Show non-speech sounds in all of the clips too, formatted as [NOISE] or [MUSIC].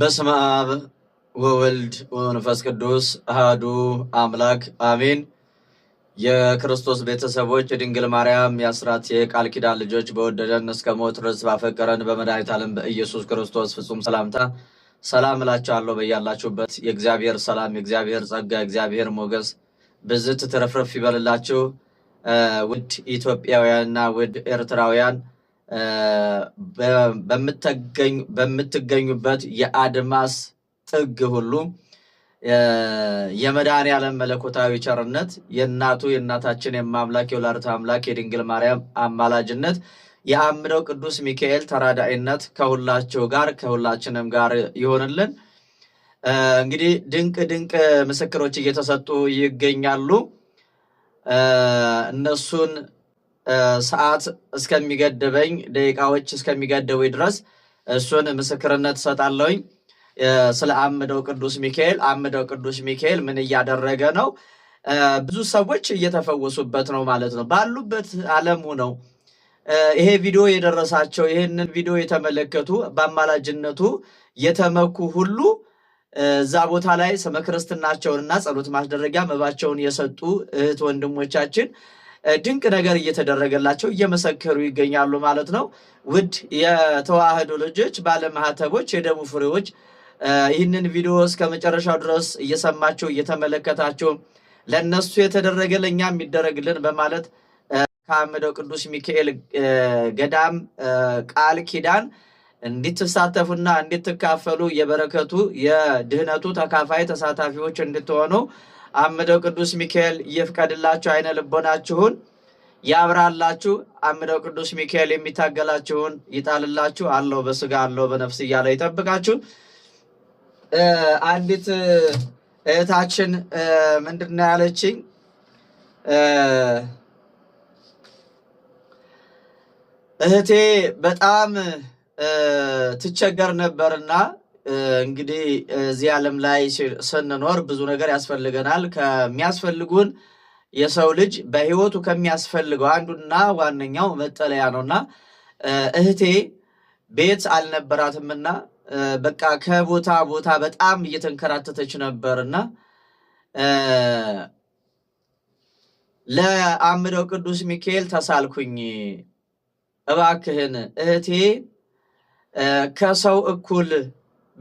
በስመ አብ ወወልድ ወመንፈስ ቅዱስ አህዱ አምላክ አሜን። የክርስቶስ ቤተሰቦች የድንግል ማርያም የአስራት የቃል ኪዳን ልጆች በወደደን እስከ ሞት ድረስ ባፈቀረን በመድኃኒተ ዓለም በኢየሱስ ክርስቶስ ፍጹም ሰላምታ ሰላም እላችኋለሁ። በያላችሁበት የእግዚአብሔር ሰላም፣ የእግዚአብሔር ጸጋ፣ የእግዚአብሔር ሞገስ ብዝት ትረፍረፍ ይበልላችሁ። ውድ ኢትዮጵያውያንና ውድ ኤርትራውያን በምትገኙበት የአድማስ ጥግ ሁሉ የመድኃኔ ዓለም መለኮታዊ ቸርነት የእናቱ የእናታችን የማምላክ የወላዲተ አምላክ የድንግል ማርያም አማላጅነት የአምደው ቅዱስ ሚካኤል ተራዳይነት ከሁላችሁ ጋር ከሁላችንም ጋር ይሆንልን። እንግዲህ ድንቅ ድንቅ ምስክሮች እየተሰጡ ይገኛሉ። እነሱን ሰዓት እስከሚገድበኝ ደቂቃዎች እስከሚገድቡኝ ድረስ እሱን ምስክርነት እሰጣለሁኝ። ስለ አምደው ቅዱስ ሚካኤል አምደው ቅዱስ ሚካኤል ምን እያደረገ ነው? ብዙ ሰዎች እየተፈወሱበት ነው ማለት ነው። ባሉበት ዓለሙ ነው ይሄ ቪዲዮ የደረሳቸው ይህንን ቪዲዮ የተመለከቱ በአማላጅነቱ የተመኩ ሁሉ እዛ ቦታ ላይ ስመ ክርስትናቸውንና ጸሎት ማስደረጊያ መባቸውን የሰጡ እህት ወንድሞቻችን ድንቅ ነገር እየተደረገላቸው እየመሰከሩ ይገኛሉ ማለት ነው። ውድ የተዋህዶ ልጆች፣ ባለማህተቦች፣ የደሙ ፍሬዎች ይህንን ቪዲዮ እስከ መጨረሻው ድረስ እየሰማቸው እየተመለከታቸው ለእነሱ የተደረገ ለእኛ የሚደረግልን በማለት ከአምደው ቅዱስ ሚካኤል ገዳም ቃል ኪዳን እንዲትሳተፉና እንዲትካፈሉ የበረከቱ የድህነቱ ተካፋይ ተሳታፊዎች እንድትሆኑ አምደው ቅዱስ ሚካኤል እየፍቀድላችሁ አይነ ልቦናችሁን ያብራላችሁ አምደው ቅዱስ ሚካኤል የሚታገላችሁን ይጣልላችሁ አለው በስጋ አለው በነፍስ እያለ ይጠብቃችሁ። አንዲት እህታችን ምንድነው ያለችኝ? እህቴ በጣም ትቸገር ነበርና እንግዲህ እዚህ ዓለም ላይ ስንኖር ብዙ ነገር ያስፈልገናል። ከሚያስፈልጉን የሰው ልጅ በህይወቱ ከሚያስፈልገው አንዱና ዋነኛው መጠለያ ነውና እህቴ ቤት አልነበራትምና በቃ ከቦታ ቦታ በጣም እየተንከራተተች ነበርና ለአምደው ቅዱስ ሚካኤል ተሳልኩኝ፣ እባክህን እህቴ ከሰው እኩል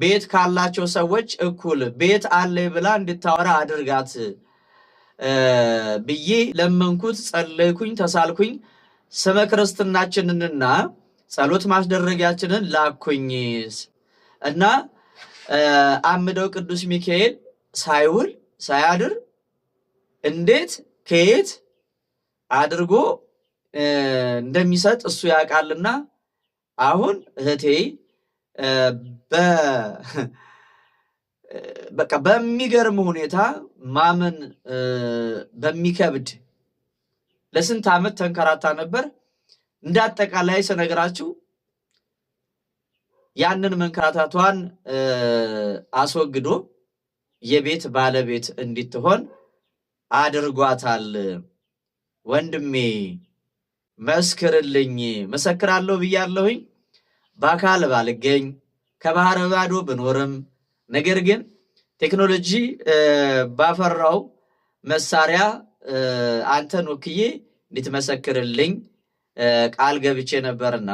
ቤት ካላቸው ሰዎች እኩል ቤት አለ ብላ እንድታወራ አድርጋት ብዬ ለመንኩት፣ ጸለይኩኝ፣ ተሳልኩኝ። ስመ ክርስትናችንንና ጸሎት ማስደረጊያችንን ላኩኝ እና አምደው ቅዱስ ሚካኤል ሳይውል ሳያድር እንዴት ከየት አድርጎ እንደሚሰጥ እሱ ያውቃልና አሁን እህቴ [LAUGHS] በቃ በሚገርም ሁኔታ ማመን በሚከብድ ለስንት ዓመት ተንከራታ ነበር። እንዳጠቃላይ አጠቃላይ ስነግራችሁ ያንን መንከራታቷን አስወግዶ የቤት ባለቤት እንድትሆን አድርጓታል። ወንድሜ መስክርልኝ፣ መሰክራለሁ ብያለሁኝ። በአካል ባልገኝ ከባህረ ባዶ ብኖርም ነገር ግን ቴክኖሎጂ ባፈራው መሳሪያ አንተን ወክዬ እንድትመሰክርልኝ ቃል ገብቼ ነበርና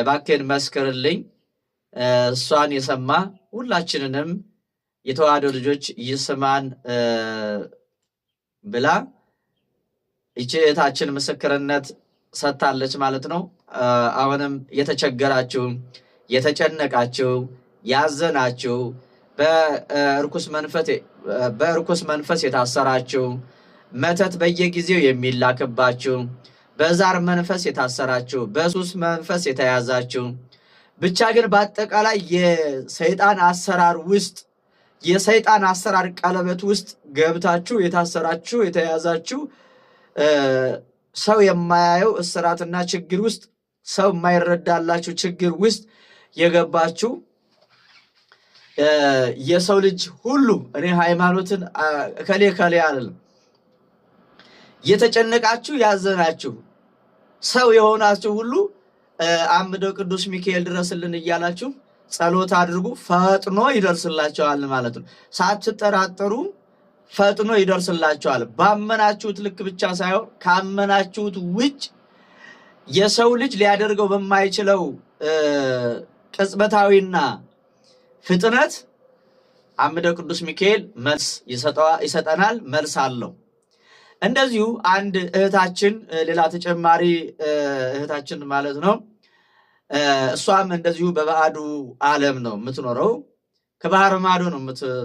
እባክህን መስክርልኝ። እሷን የሰማ ሁላችንንም የተዋህዶ ልጆች ይስማን ብላ ይቺ እህታችን ምስክርነት ሰጥታለች ማለት ነው። አሁንም የተቸገራችሁ፣ የተጨነቃችሁ፣ ያዘናችሁ፣ በእርኩስ መንፈስ የታሰራችሁ፣ መተት በየጊዜው የሚላክባችሁ፣ በዛር መንፈስ የታሰራችሁ፣ በሱስ መንፈስ የተያዛችሁ ብቻ ግን በአጠቃላይ የሰይጣን አሰራር ውስጥ የሰይጣን አሰራር ቀለበት ውስጥ ገብታችሁ የታሰራችሁ የተያዛችሁ ሰው የማያየው እስራትና ችግር ውስጥ ሰው የማይረዳላችሁ ችግር ውስጥ የገባችሁ የሰው ልጅ ሁሉ እኔ ሃይማኖትን እከሌ እከሌ አለም የተጨነቃችሁ ያዘናችሁ ሰው የሆናችሁ ሁሉ አምደው ቅዱስ ሚካኤል ድረስልን እያላችሁ ጸሎት አድርጉ። ፈጥኖ ይደርስላቸዋል ማለት ነው ሳትጠራጠሩ ፈጥኖ ይደርስላቸዋል። ባመናችሁት ልክ ብቻ ሳይሆን ካመናችሁት ውጭ የሰው ልጅ ሊያደርገው በማይችለው ቅጽበታዊና ፍጥነት አምደ ቅዱስ ሚካኤል መልስ ይሰጠናል፣ መልስ አለው። እንደዚሁ አንድ እህታችን ሌላ ተጨማሪ እህታችን ማለት ነው። እሷም እንደዚሁ በባዕዱ ዓለም ነው የምትኖረው። ከባህር ማዶ ነው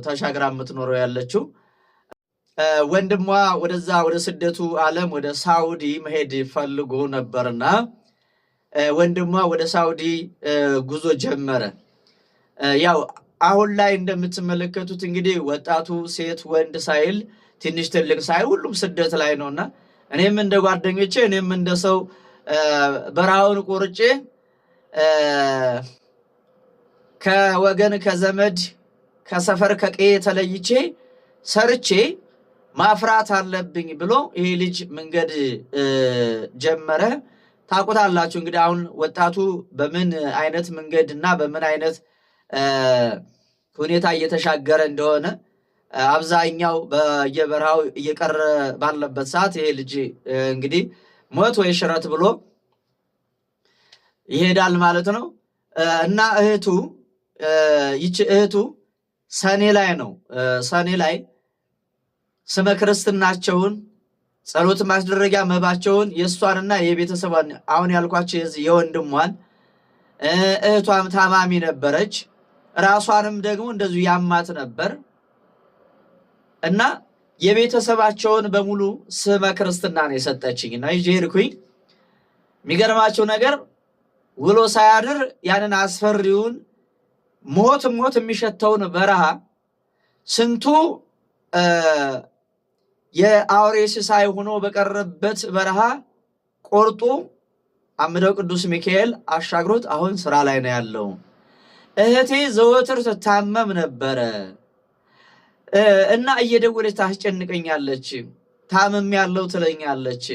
ተሻግራ የምትኖረው ያለችው ወንድሟ ወደዛ ወደ ስደቱ ዓለም ወደ ሳውዲ መሄድ ፈልጎ ነበርና ወንድሟ ወደ ሳውዲ ጉዞ ጀመረ። ያው አሁን ላይ እንደምትመለከቱት እንግዲህ ወጣቱ ሴት ወንድ ሳይል ትንሽ ትልቅ ሳይል ሁሉም ስደት ላይ ነውና እኔም እንደ ጓደኞቼ እኔም እንደ ሰው በረሃውን ቆርጬ ከወገን ከዘመድ ከሰፈር ከቀዬ ተለይቼ ሰርቼ ማፍራት አለብኝ ብሎ ይሄ ልጅ መንገድ ጀመረ። ታውቁታላችሁ እንግዲህ አሁን ወጣቱ በምን አይነት መንገድ እና በምን አይነት ሁኔታ እየተሻገረ እንደሆነ አብዛኛው በየበረሃው እየቀረ ባለበት ሰዓት ይሄ ልጅ እንግዲህ ሞት ወይ ሽረት ብሎ ይሄዳል ማለት ነው። እና እህቱ ይቺ እህቱ ሰኔ ላይ ነው ሰኔ ላይ ስመ ክርስትናቸውን ጸሎት ማስደረጊያ መባቸውን የእሷንና የቤተሰቧን አሁን ያልኳቸው የወንድሟን እህቷም ታማሚ ነበረች። ራሷንም ደግሞ እንደዚሁ ያማት ነበር እና የቤተሰባቸውን በሙሉ ስመ ክርስትና የሰጠችኝ እና ይዤ ሄድኩኝ። የሚገርማቸው ነገር ውሎ ሳያድር ያንን አስፈሪውን ሞት ሞት የሚሸተውን በረሃ ስንቱ የአውሬ ሳይ ሆኖ በቀረበት በረሃ ቆርጦ አምደው ቅዱስ ሚካኤል አሻግሮት አሁን ስራ ላይ ነው ያለው። እህቴ ዘወትር ትታመም ነበረ እና እየደወለች ታስጨንቀኛለች። ታመም ያለው ትለኛለች፣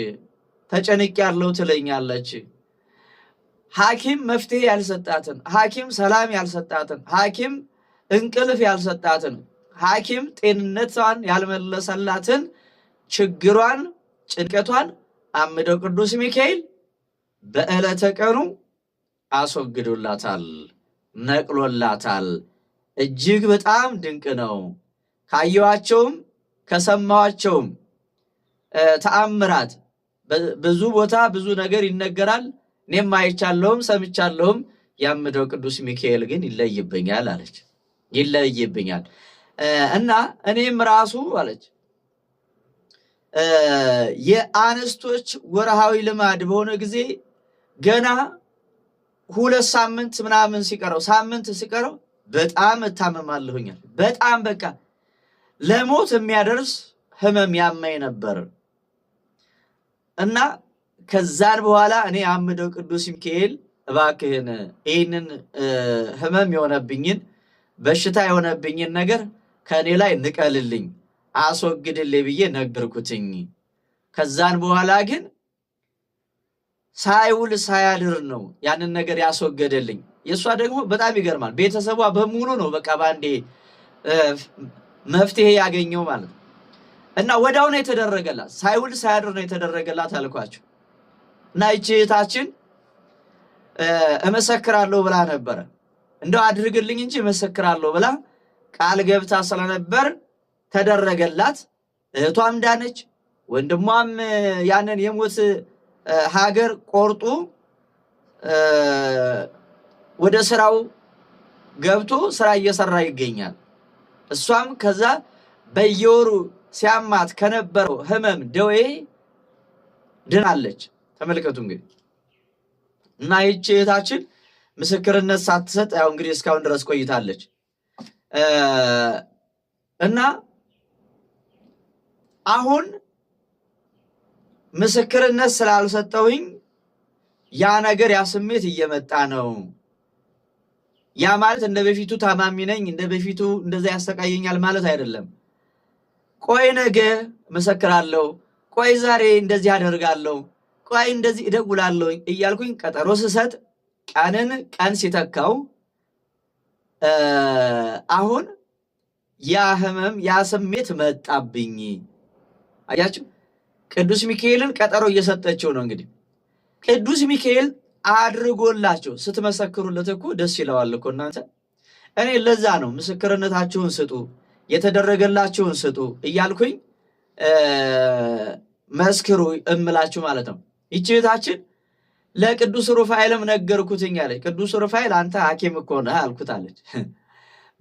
ተጨንቅ ያለው ትለኛለች። ሐኪም መፍትሄ ያልሰጣትን፣ ሐኪም ሰላም ያልሰጣትን፣ ሐኪም እንቅልፍ ያልሰጣትን፣ ሐኪም ጤንነቷን ያልመለሰላትን ችግሯን ጭንቀቷን አምደው ቅዱስ ሚካኤል በዕለተ ቀኑ አስወግዶላታል፣ ነቅሎላታል። እጅግ በጣም ድንቅ ነው። ካየኋቸውም ከሰማኋቸውም ተአምራት ብዙ ቦታ ብዙ ነገር ይነገራል። እኔም አይቻለሁም ሰምቻለሁም። ያምደው ቅዱስ ሚካኤል ግን ይለይብኛል አለች፣ ይለይብኛል እና እኔም ራሱ አለች የአንስቶች ወርሃዊ ልማድ በሆነ ጊዜ ገና ሁለት ሳምንት ምናምን ሲቀረው ሳምንት ሲቀረው በጣም እታመማለሁኛል። በጣም በቃ ለሞት የሚያደርስ ህመም ያመኝ ነበር እና ከዛን በኋላ እኔ አምደው ቅዱስ ሚካኤል እባክህን ይህንን ህመም የሆነብኝን በሽታ የሆነብኝን ነገር ከእኔ ላይ ንቀልልኝ አስወግድልኝ ብዬ ነገርኩትኝ። ከዛን በኋላ ግን ሳይውል ሳያድር ነው ያንን ነገር ያስወገደልኝ። የእሷ ደግሞ በጣም ይገርማል። ቤተሰቧ በሙሉ ነው በቃ በአንዴ መፍትሄ ያገኘው ማለት ነው። እና ወዲያው ነው የተደረገላት፣ ሳይውል ሳያድር ነው የተደረገላት አልኳቸው። እና ይቺ እህታችን እመሰክራለሁ ብላ ነበረ እንደው አድርግልኝ እንጂ እመሰክራለሁ ብላ ቃል ገብታ ስለነበር ተደረገላት። እህቷም ዳነች፣ ወንድሟም ያንን የሞት ሀገር ቆርጦ ወደ ስራው ገብቶ ስራ እየሰራ ይገኛል። እሷም ከዛ በየወሩ ሲያማት ከነበረው ህመም ደዌ ድናለች። ተመልከቱ እንግዲህ እና ይቺ እህታችን ምስክርነት ሳትሰጥ ያው እንግዲህ እስካሁን ድረስ ቆይታለች እና አሁን ምስክርነት ስላልሰጠውኝ ያ ነገር ያ ስሜት እየመጣ ነው። ያ ማለት እንደ በፊቱ ታማሚ ነኝ፣ እንደ በፊቱ እንደዛ ያሰቃየኛል ማለት አይደለም። ቆይ ነገ መሰክራለሁ፣ ቆይ ዛሬ እንደዚህ አደርጋለሁ፣ ቆይ እንደዚህ እደውላለሁ እያልኩኝ ቀጠሮ ስሰጥ ቀንን ቀን ሲተካው አሁን ያ ህመም ያ ስሜት መጣብኝ። አያችሁ፣ ቅዱስ ሚካኤልን ቀጠሮ እየሰጠችው ነው። እንግዲህ ቅዱስ ሚካኤል አድርጎላቸው ስትመሰክሩለት እኮ ደስ ይለዋል እኮ እናንተ። እኔ ለዛ ነው ምስክርነታችሁን ስጡ፣ የተደረገላችሁን ስጡ እያልኩኝ መስክሩ እምላችሁ ማለት ነው። ይቺ ቤታችን ለቅዱስ ሩፋኤልም ነገርኩትኝ አለች። ቅዱስ ሩፋኤል አንተ ሐኪም እኮ ነህ አልኩት አለች።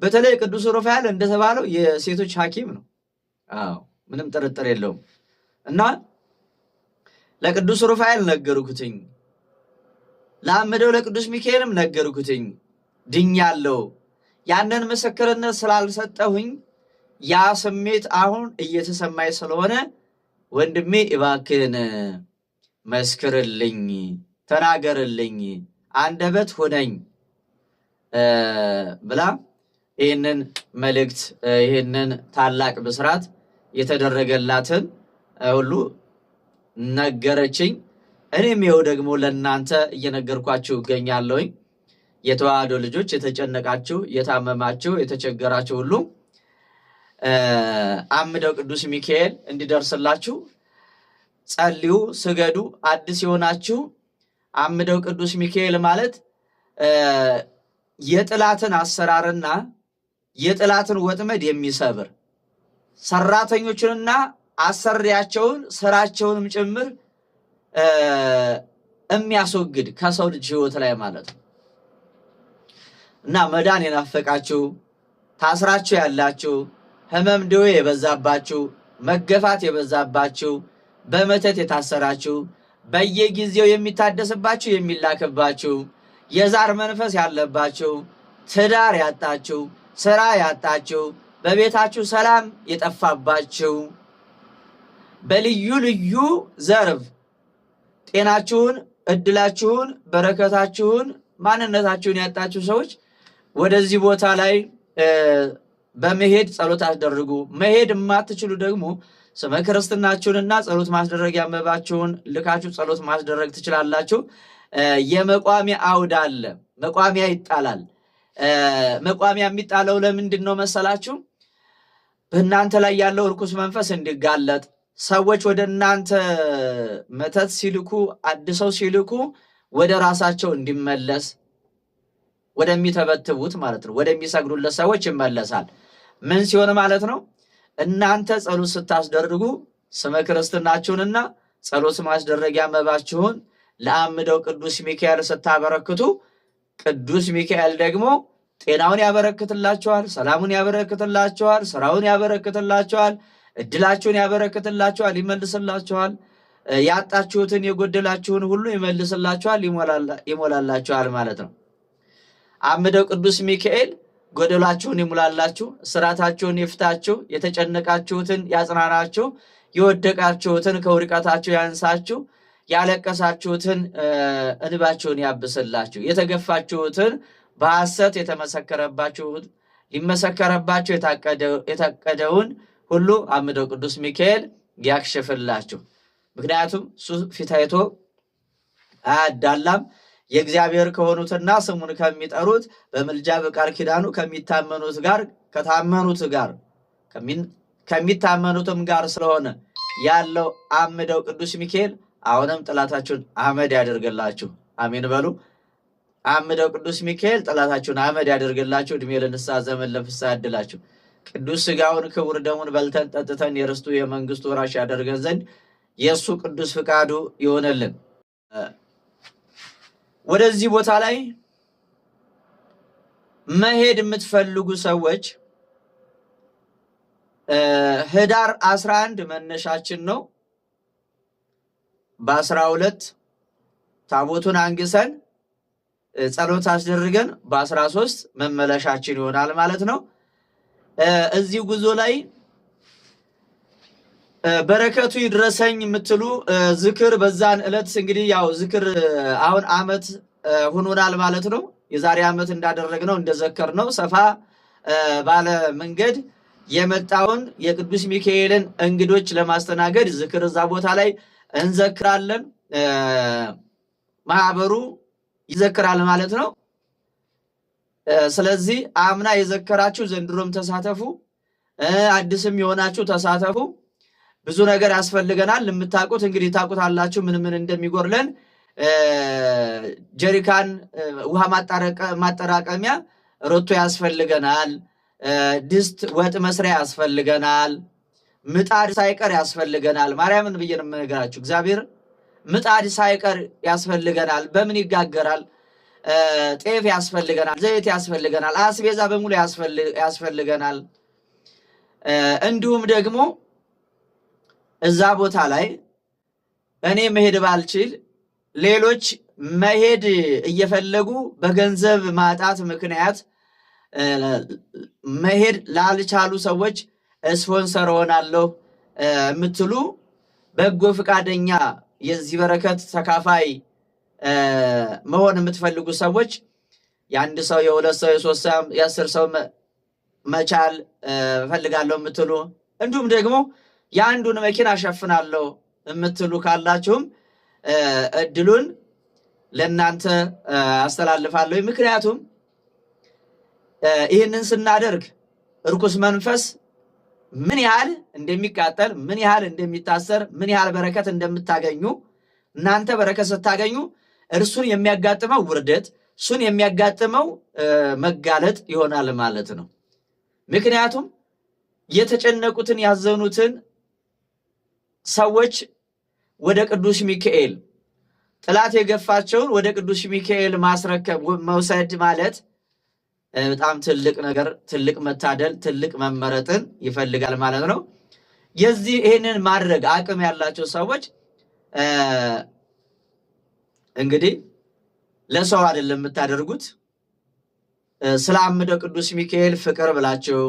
በተለይ ቅዱስ ሩፋኤል እንደተባለው የሴቶች ሐኪም ነው። አዎ ምንም ጥርጥር የለውም። እና ለቅዱስ ሩፋኤል ነገርኩትኝ፣ ለአምደው ለቅዱስ ሚካኤልም ነገርኩትኝ፣ ድኛለው። ያንን ምስክርነት ስላልሰጠሁኝ ያ ስሜት አሁን እየተሰማኝ ስለሆነ ወንድሜ እባክህን መስክርልኝ፣ ተናገርልኝ፣ አንደበት ሁነኝ ብላ ይህንን መልእክት ይህንን ታላቅ ብስራት የተደረገላትን ሁሉ ነገረችኝ። እኔም ይኸው ደግሞ ለእናንተ እየነገርኳችሁ እገኛለሁኝ። የተዋህዶ ልጆች የተጨነቃችሁ፣ የታመማችሁ፣ የተቸገራችሁ ሁሉ አምደው ቅዱስ ሚካኤል እንዲደርስላችሁ ጸልዩ፣ ስገዱ። አዲስ የሆናችሁ አምደው ቅዱስ ሚካኤል ማለት የጥላትን አሰራርና የጥላትን ወጥመድ የሚሰብር ሰራተኞችንና አሰሪያቸውን ስራቸውንም ጭምር የሚያስወግድ ከሰው ልጅ ህይወት ላይ ማለት ነው። እና መዳን የናፈቃችሁ ታስራችሁ ያላችሁ ህመም፣ ደዌ የበዛባችሁ፣ መገፋት የበዛባችሁ፣ በመተት የታሰራችሁ፣ በየጊዜው የሚታደስባችሁ የሚላክባችሁ፣ የዛር መንፈስ ያለባችሁ፣ ትዳር ያጣችሁ፣ ስራ ያጣችሁ በቤታችሁ ሰላም የጠፋባችሁ በልዩ ልዩ ዘርፍ ጤናችሁን፣ እድላችሁን፣ በረከታችሁን፣ ማንነታችሁን ያጣችሁ ሰዎች ወደዚህ ቦታ ላይ በመሄድ ጸሎት አስደርጉ። መሄድ የማትችሉ ደግሞ ስመ ክርስትናችሁንና ጸሎት ማስደረግ ያመባችሁን ልካችሁ ጸሎት ማስደረግ ትችላላችሁ። የመቋሚያ አውድ አለ። መቋሚያ ይጣላል። መቋሚያ የሚጣለው ለምንድን ነው መሰላችሁ? በእናንተ ላይ ያለው እርኩስ መንፈስ እንዲጋለጥ ሰዎች ወደ እናንተ መተት ሲልኩ አድሰው ሲልኩ ወደ ራሳቸው እንዲመለስ ወደሚተበትቡት ማለት ነው ወደሚሰግዱለት ሰዎች ይመለሳል። ምን ሲሆን ማለት ነው? እናንተ ጸሎት ስታስደርጉ ስመ ክርስትናችሁንና ጸሎት ማስደረጊያ መባችሁን ለአምደው ቅዱስ ሚካኤል ስታበረክቱ ቅዱስ ሚካኤል ደግሞ ጤናውን ያበረክትላችኋል፣ ሰላሙን ያበረክትላችኋል፣ ስራውን ያበረክትላችኋል፣ እድላችሁን ያበረክትላችኋል፣ ይመልስላችኋል። ያጣችሁትን የጎደላችሁን ሁሉ ይመልስላችኋል፣ ይሞላላችኋል ማለት ነው። አምደው ቅዱስ ሚካኤል ጎደላችሁን ይሙላላችሁ፣ ስራታችሁን ይፍታችሁ፣ የተጨነቃችሁትን ያጽናናችሁ፣ የወደቃችሁትን ከውድቀታችሁ ያንሳችሁ፣ ያለቀሳችሁትን እንባችሁን ያብስላችሁ፣ የተገፋችሁትን በሐሰት የተመሰከረባችሁ ሊመሰከረባቸው የታቀደውን ሁሉ አምደው ቅዱስ ሚካኤል ያክሽፍላችሁ። ምክንያቱም እሱ ፊት አይቶ አያዳላም። የእግዚአብሔር ከሆኑትና ስሙን ከሚጠሩት በምልጃ በቃል ኪዳኑ ከሚታመኑት ጋር ከታመኑት ጋር ከሚታመኑትም ጋር ስለሆነ ያለው አምደው ቅዱስ ሚካኤል አሁንም ጠላታችሁን አመድ ያደርግላችሁ። አሜን በሉ። አምደው ቅዱስ ሚካኤል ጠላታችሁን አመድ ያደርግላችሁ፣ እድሜ ለንስሐ ዘመን ለፍስሐ ያድላችሁ። ቅዱስ ስጋውን ክቡር ደሙን በልተን ጠጥተን የርስቱ የመንግስቱ ወራሽ ያደርገን ዘንድ የእሱ ቅዱስ ፍቃዱ ይሆነልን። ወደዚህ ቦታ ላይ መሄድ የምትፈልጉ ሰዎች ህዳር አንድ መነሻችን ነው። በአስራ ሁለት ታቦቱን አንግሰን ጸሎት አስደርገን በአስራ ሶስት መመለሻችን ይሆናል ማለት ነው። እዚህ ጉዞ ላይ በረከቱ ይድረሰኝ የምትሉ ዝክር በዛን ዕለት እንግዲህ ያው ዝክር አሁን አመት ሆኖናል ማለት ነው። የዛሬ አመት እንዳደረግነው ነው። ሰፋ ባለ መንገድ የመጣውን የቅዱስ ሚካኤልን እንግዶች ለማስተናገድ ዝክር እዛ ቦታ ላይ እንዘክራለን ማህበሩ ይዘክራል ማለት ነው። ስለዚህ አምና የዘከራችሁ ዘንድሮም ተሳተፉ፣ አዲስም የሆናችሁ ተሳተፉ። ብዙ ነገር ያስፈልገናል። የምታውቁት እንግዲህ ታውቁታላችሁ ምን ምን እንደሚጎርለን ጀሪካን ውሃ ማጠራቀሚያ ሮቶ ያስፈልገናል። ድስት ወጥ መስሪያ ያስፈልገናል። ምጣድ ሳይቀር ያስፈልገናል። ማርያምን ብዬ ነው የምነግራችሁ እግዚአብሔር ምጣድ ሳይቀር ያስፈልገናል። በምን ይጋገራል? ጤፍ ያስፈልገናል፣ ዘይት ያስፈልገናል፣ አስቤዛ በሙሉ ያስፈልገናል። እንዲሁም ደግሞ እዛ ቦታ ላይ እኔ መሄድ ባልችል ሌሎች መሄድ እየፈለጉ በገንዘብ ማጣት ምክንያት መሄድ ላልቻሉ ሰዎች ስፖንሰር ሆናለሁ የምትሉ በጎ ፈቃደኛ የዚህ በረከት ተካፋይ መሆን የምትፈልጉ ሰዎች የአንድ ሰው የሁለት ሰው የሶስት ሰው የአስር ሰው መቻል እፈልጋለሁ የምትሉ እንዲሁም ደግሞ የአንዱን መኪና አሸፍናለሁ የምትሉ ካላችሁም እድሉን ለእናንተ አስተላልፋለሁ። ምክንያቱም ይህንን ስናደርግ እርኩስ መንፈስ ምን ያህል እንደሚቃጠል፣ ምን ያህል እንደሚታሰር፣ ምን ያህል በረከት እንደምታገኙ እናንተ በረከት ስታገኙ እርሱን የሚያጋጥመው ውርደት፣ እሱን የሚያጋጥመው መጋለጥ ይሆናል ማለት ነው። ምክንያቱም የተጨነቁትን ያዘኑትን ሰዎች ወደ ቅዱስ ሚካኤል፣ ጠላት የገፋቸውን ወደ ቅዱስ ሚካኤል ማስረከብ መውሰድ ማለት በጣም ትልቅ ነገር፣ ትልቅ መታደል፣ ትልቅ መመረጥን ይፈልጋል ማለት ነው። የዚህ ይህንን ማድረግ አቅም ያላቸው ሰዎች እንግዲህ ለሰው አይደለም የምታደርጉት። ስለ ቅዱስ ሚካኤል ፍቅር ብላችሁ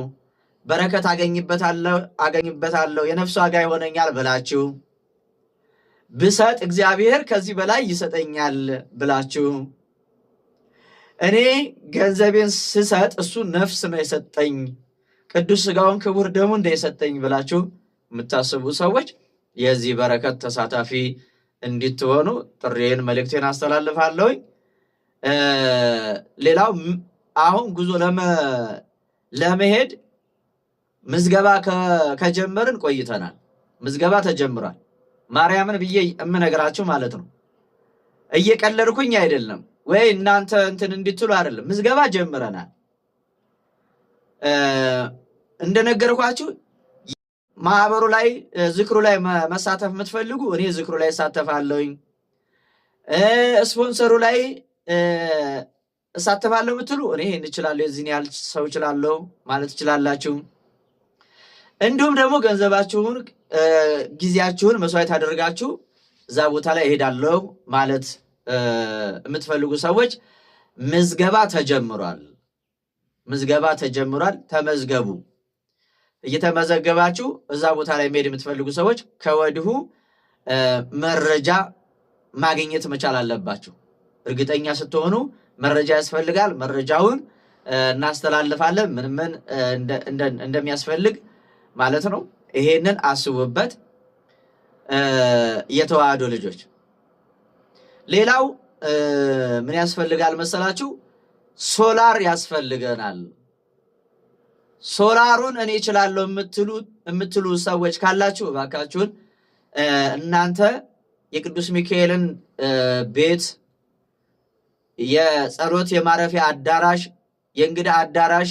በረከት አገኝበታለሁ የነፍስ ዋጋ ይሆነኛል ብላችሁ ብሰጥ እግዚአብሔር ከዚህ በላይ ይሰጠኛል ብላችሁ እኔ ገንዘቤን ስሰጥ እሱ ነፍስ ነው የሰጠኝ ቅዱስ ስጋውን ክቡር ደሙ እንደ የሰጠኝ ብላችሁ የምታስቡ ሰዎች የዚህ በረከት ተሳታፊ እንዲትሆኑ ጥሬን መልእክቴን አስተላልፋለሁኝ። ሌላው አሁን ጉዞ ለመሄድ ምዝገባ ከጀመርን ቆይተናል። ምዝገባ ተጀምሯል። ማርያምን ብዬ የምነግራችሁ ማለት ነው። እየቀለድኩኝ አይደለም። ወይ እናንተ እንትን እንድትሉ አይደለም። ምዝገባ ጀምረናል። እንደነገርኳችሁ ማህበሩ ላይ ዝክሩ ላይ መሳተፍ የምትፈልጉ እኔ ዝክሩ ላይ እሳተፋለሁኝ፣ ስፖንሰሩ ላይ እሳተፋለሁ ምትሉ እኔ ይህን እችላለሁ፣ የዚህን ያህል ሰው እችላለሁ ማለት ትችላላችሁ። እንዲሁም ደግሞ ገንዘባችሁን፣ ጊዜያችሁን መስዋዕት አደርጋችሁ እዛ ቦታ ላይ እሄዳለሁ ማለት የምትፈልጉ ሰዎች ምዝገባ ተጀምሯል። ምዝገባ ተጀምሯል። ተመዝገቡ። እየተመዘገባችሁ እዛ ቦታ ላይ መሄድ የምትፈልጉ ሰዎች ከወዲሁ መረጃ ማግኘት መቻል አለባችሁ። እርግጠኛ ስትሆኑ መረጃ ያስፈልጋል። መረጃውን እናስተላልፋለን ምን ምን እንደሚያስፈልግ ማለት ነው። ይሄንን አስቡበት የተዋህዶ ልጆች ሌላው ምን ያስፈልጋል መሰላችሁ? ሶላር ያስፈልገናል። ሶላሩን እኔ እችላለሁ የምትሉ ሰዎች ካላችሁ እባካችሁን እናንተ የቅዱስ ሚካኤልን ቤት የጸሎት የማረፊያ አዳራሽ፣ የእንግዳ አዳራሽ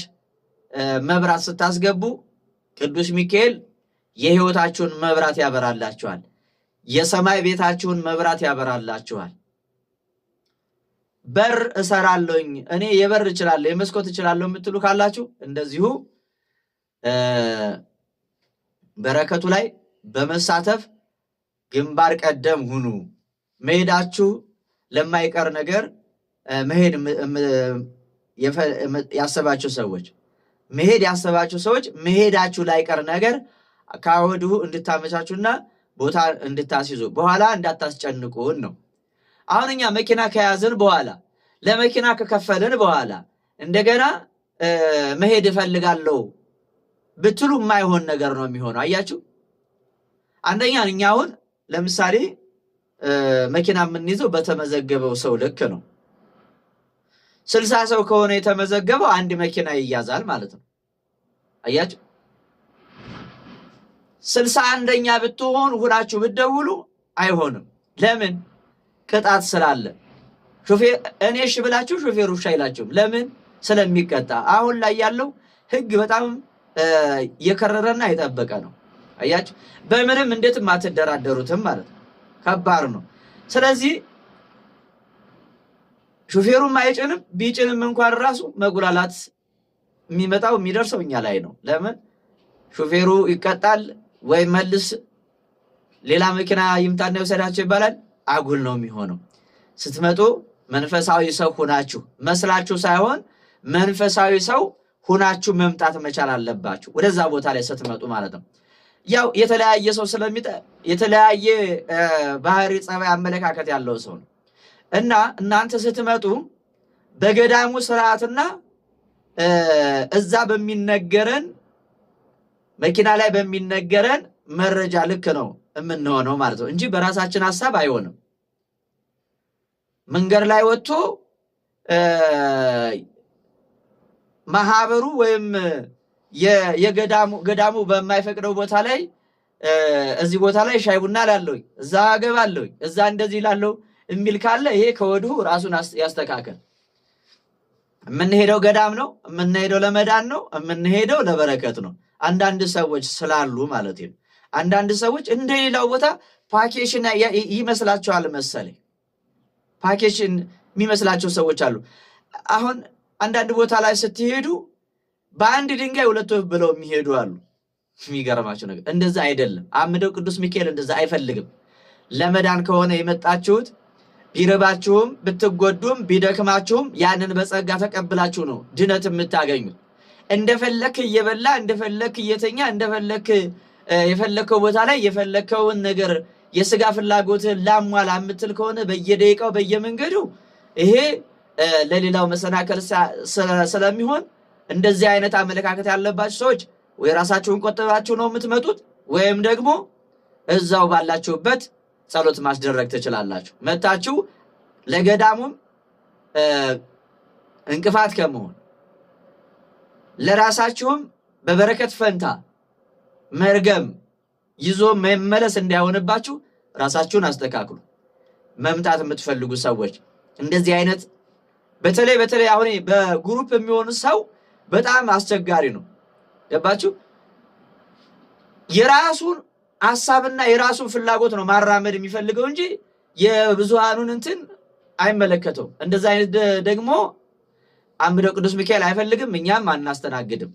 መብራት ስታስገቡ ቅዱስ ሚካኤል የሕይወታችሁን መብራት ያበራላችኋል። የሰማይ ቤታችሁን መብራት ያበራላችኋል። በር እሰራለኝ እኔ የበር እችላለሁ የመስኮት እችላለሁ የምትሉ ካላችሁ እንደዚሁ በረከቱ ላይ በመሳተፍ ግንባር ቀደም ሁኑ። መሄዳችሁ ለማይቀር ነገር መሄድ ያሰባችሁ ሰዎች መሄድ ያሰባችሁ ሰዎች መሄዳችሁ ላይቀር ነገር ከወዲሁ እንድታመቻቹና ቦታ እንድታስይዙ በኋላ እንዳታስጨንቁን ነው። አሁን እኛ መኪና ከያዝን በኋላ ለመኪና ከከፈልን በኋላ እንደገና መሄድ እፈልጋለሁ ብትሉ የማይሆን ነገር ነው የሚሆነው። አያችሁ፣ አንደኛ እኛ አሁን ለምሳሌ መኪና የምንይዘው በተመዘገበው ሰው ልክ ነው። ስልሳ ሰው ከሆነ የተመዘገበው አንድ መኪና ይያዛል ማለት ነው። አያችሁ፣ ስልሳ አንደኛ ብትሆን ሁላችሁ ብትደውሉ አይሆንም። ለምን? ቅጣት ስላለ እኔ እሺ ብላችሁ ሾፌሩ እሺ አይላችሁም። ለምን? ስለሚቀጣ። አሁን ላይ ያለው ህግ በጣም የከረረና የጠበቀ ነው። አያችሁ፣ በምንም እንዴትም አትደራደሩትም ማለት ነው። ከባድ ነው። ስለዚህ ሹፌሩም አይጭንም፣ ቢጭንም እንኳን ራሱ መጉላላት የሚመጣው የሚደርሰው እኛ ላይ ነው። ለምን ሹፌሩ ይቀጣል? ወይም መልስ ሌላ መኪና ይምጣና ሰዳቸው ይባላል። አጉል ነው የሚሆነው። ስትመጡ መንፈሳዊ ሰው ሁናችሁ መስላችሁ ሳይሆን መንፈሳዊ ሰው ሁናችሁ መምጣት መቻል አለባችሁ፣ ወደዛ ቦታ ላይ ስትመጡ ማለት ነው። ያው የተለያየ ሰው ስለሚጠ የተለያየ ባህሪ፣ ጸባይ፣ አመለካከት ያለው ሰው ነው እና እናንተ ስትመጡ በገዳሙ ስርዓትና እዛ በሚነገረን መኪና ላይ በሚነገረን መረጃ ልክ ነው የምንሆነው ማለት ነው እንጂ በራሳችን ሀሳብ አይሆንም። መንገድ ላይ ወጥቶ ማህበሩ ወይም የገዳሙ በማይፈቅደው ቦታ ላይ እዚህ ቦታ ላይ ሻይ ቡና ላለው እዛ አገባለሁኝ፣ እዛ እንደዚህ ላለው የሚል ካለ ይሄ ከወዲሁ ራሱን ያስተካከል። የምንሄደው ገዳም ነው፣ የምንሄደው ለመዳን ነው፣ የምንሄደው ለበረከት ነው። አንዳንድ ሰዎች ስላሉ ማለት ነው። አንዳንድ ሰዎች እንደ ሌላው ቦታ ፓኬሽን ይመስላቸዋል መሰለኝ። ፓኬሽን የሚመስላቸው ሰዎች አሉ። አሁን አንዳንድ ቦታ ላይ ስትሄዱ በአንድ ድንጋይ ሁለት ወፍ ብለው የሚሄዱ አሉ። የሚገርማቸው ነገር እንደዛ አይደለም። አምደው ቅዱስ ሚካኤል እንደዛ አይፈልግም። ለመዳን ከሆነ የመጣችሁት ቢርባችሁም ብትጎዱም ቢደክማችሁም ያንን በጸጋ ተቀብላችሁ ነው ድነት የምታገኙት። እንደፈለክ እየበላ እንደፈለክ እየተኛ እንደፈለክ የፈለግከው ቦታ ላይ የፈለግከውን ነገር የስጋ ፍላጎትን ላሟላ የምትል ከሆነ በየደቂቃው በየመንገዱ ይሄ ለሌላው መሰናከል ስለሚሆን እንደዚህ አይነት አመለካከት ያለባችሁ ሰዎች ወይ ራሳችሁን ቆጥባችሁ ነው የምትመጡት፣ ወይም ደግሞ እዛው ባላችሁበት ጸሎት ማስደረግ ትችላላችሁ። መታችሁ ለገዳሙም እንቅፋት ከመሆን ለራሳችሁም በበረከት ፈንታ መርገም ይዞ መመለስ እንዳይሆንባችሁ ራሳችሁን አስተካክሉ። መምጣት የምትፈልጉ ሰዎች እንደዚህ አይነት በተለይ በተለይ አሁን በግሩፕ የሚሆኑ ሰው በጣም አስቸጋሪ ነው። ገባችሁ? የራሱን ሀሳብና የራሱን ፍላጎት ነው ማራመድ የሚፈልገው እንጂ የብዙሃኑን እንትን አይመለከተው። እንደዚህ አይነት ደግሞ አምደው ቅዱስ ሚካኤል አይፈልግም፣ እኛም አናስተናግድም።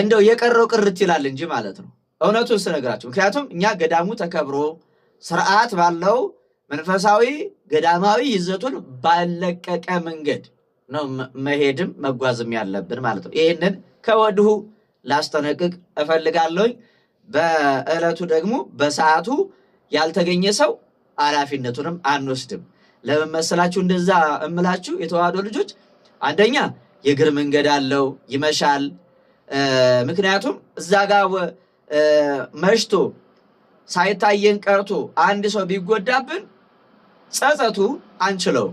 እንደው የቀረው ቅርት ይላል እንጂ ማለት ነው እውነቱን ስነግራቸው። ምክንያቱም እኛ ገዳሙ ተከብሮ ስርዓት ባለው መንፈሳዊ ገዳማዊ ይዘቱን ባለቀቀ መንገድ ነው መሄድም መጓዝም ያለብን ማለት ነው። ይህንን ከወዲሁ ላስጠነቅቅ እፈልጋለሁኝ። በዕለቱ ደግሞ በሰዓቱ ያልተገኘ ሰው ኃላፊነቱንም አንወስድም። ለምን መሰላችሁ እንደዛ እምላችሁ? የተዋህዶ ልጆች አንደኛ የእግር መንገድ አለው፣ ይመሻል ምክንያቱም እዛ ጋር መሽቶ ሳይታየን ቀርቶ አንድ ሰው ቢጎዳብን ጸጸቱ አንችለው።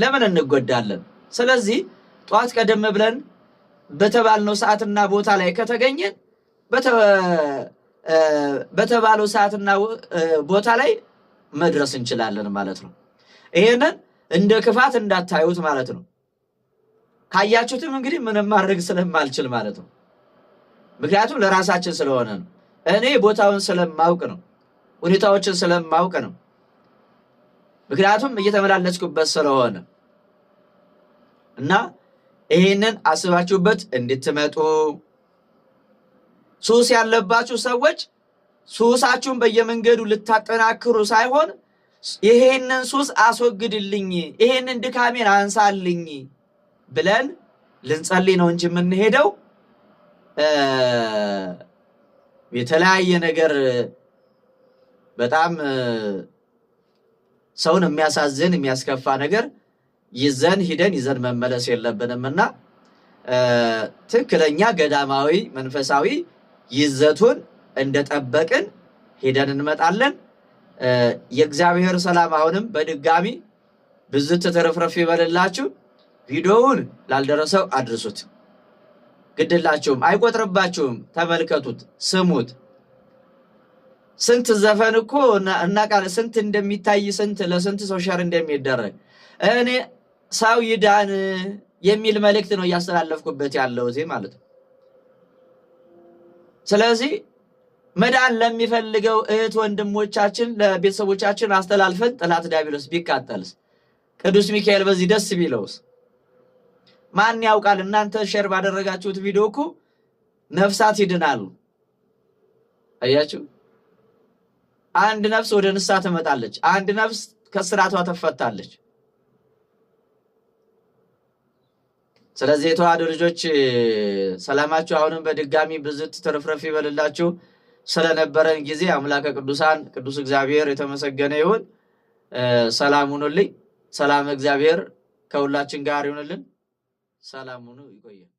ለምን እንጎዳለን? ስለዚህ ጠዋት ቀደም ብለን በተባልነው ሰዓትና ቦታ ላይ ከተገኘን በተባለው ሰዓትና ቦታ ላይ መድረስ እንችላለን ማለት ነው። ይሄንን እንደ ክፋት እንዳታዩት ማለት ነው። ካያችሁትም እንግዲህ ምንም ማድረግ ስለማልችል ማለት ነው። ምክንያቱም ለራሳችን ስለሆነ ነው። እኔ ቦታውን ስለማውቅ ነው። ሁኔታዎችን ስለማውቅ ነው። ምክንያቱም እየተመላለስኩበት ስለሆነ እና ይህንን አስባችሁበት እንድትመጡ ሱስ ያለባችሁ ሰዎች ሱሳችሁን በየመንገዱ ልታጠናክሩ ሳይሆን ይሄንን ሱስ አስወግድልኝ፣ ይሄንን ድካሜን አንሳልኝ ብለን ልንጸልይ ነው እንጂ የምንሄደው የተለያየ ነገር በጣም ሰውን የሚያሳዝን የሚያስከፋ ነገር ይዘን ሂደን ይዘን መመለስ የለብንም እና ትክክለኛ ገዳማዊ መንፈሳዊ ይዘቱን እንደጠበቅን ሂደን እንመጣለን። የእግዚአብሔር ሰላም አሁንም በድጋሚ ብዙ ትትርፍረፍ ይበልላችሁ። ቪዲዮውን ላልደረሰው አድርሱት። ግድላችሁም አይቆጥርባችሁም። ተመልከቱት፣ ስሙት። ስንት ዘፈን እኮ እና ቃል ስንት እንደሚታይ ስንት ለስንት ሰው ሸር እንደሚደረግ እኔ ሰው ይዳን የሚል መልእክት ነው እያስተላለፍኩበት ያለው እዚህ ማለት ነው። ስለዚህ መዳን ለሚፈልገው እህት ወንድሞቻችን፣ ለቤተሰቦቻችን አስተላልፈን ጠላት ዲያብሎስ ቢቃጠልስ ቅዱስ ሚካኤል በዚህ ደስ ቢለውስ ማን ያውቃል? እናንተ ሼር ባደረጋችሁት ቪዲዮ እኮ ነፍሳት ይድናሉ። አያችሁ፣ አንድ ነፍስ ወደ ንሳ ትመጣለች፣ አንድ ነፍስ ከስራቷ ትፈታለች። ስለዚህ የተዋህዶ ልጆች ሰላማችሁ አሁንም በድጋሚ ብዝት ትርፍረፍ ይበልላችሁ። ስለነበረን ጊዜ አምላከ ቅዱሳን ቅዱስ እግዚአብሔር የተመሰገነ ይሁን። ሰላም ሁኑልኝ። ሰላም እግዚአብሔር ከሁላችን ጋር ይሁንልን። ሰላም ሁኑ። ይቆያል።